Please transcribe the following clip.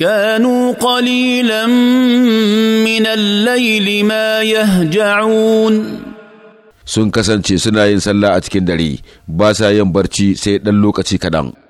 كانوا قليلا من الليل ما يهجعون sun kasance suna yin sallah a cikin dare ba sa yin barci sai ɗan lokaci kaɗan